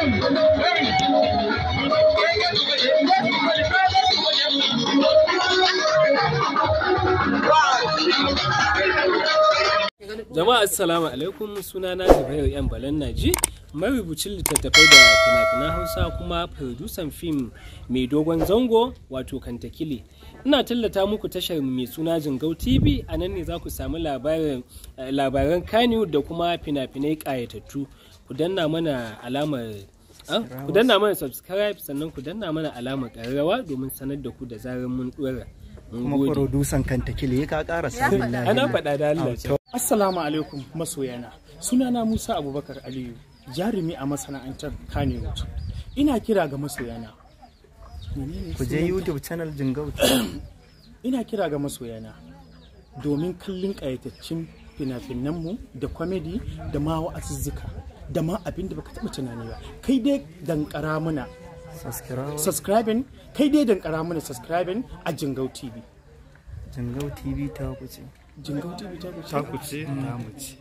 Wow. jama'a assalamu alaikum sunana jibril yan balan naji marubucin littattafai da fina-finan hausa kuma producer fim mai dogon zango wato kantakili ina tallata muku tashar mai suna jingau tv a nan ne za ku samu eh, labaran kaniyu da kuma fina-finai kayatattu ku danna mana alamar ah, ku danna mana subscribe sannan ku danna mana alamar ƙararrawa domin sanar da ku da zarar mun dora kuma producer kantakili ya ka kara samun ana faɗa da Allah ah, Assalamu alaikum masoyana. Sunana Musa Abubakar Aliyu, jarumi a masana'antar Kanewut. Ina kira ga masoyana. Ku je YouTube channel Jingau. Ina kira ga masoyana domin kallon ƙayataccen fina-finanmu da kwamedi da ma wa'azuzzuka da ma abin da baka taɓa tunani ba. Kai dai dankara muna. Subscribing. Kai dai dankara muna subscribing a Jingau TV. Jingau TV ta kuce. jingo tibi ta kuci ta kuci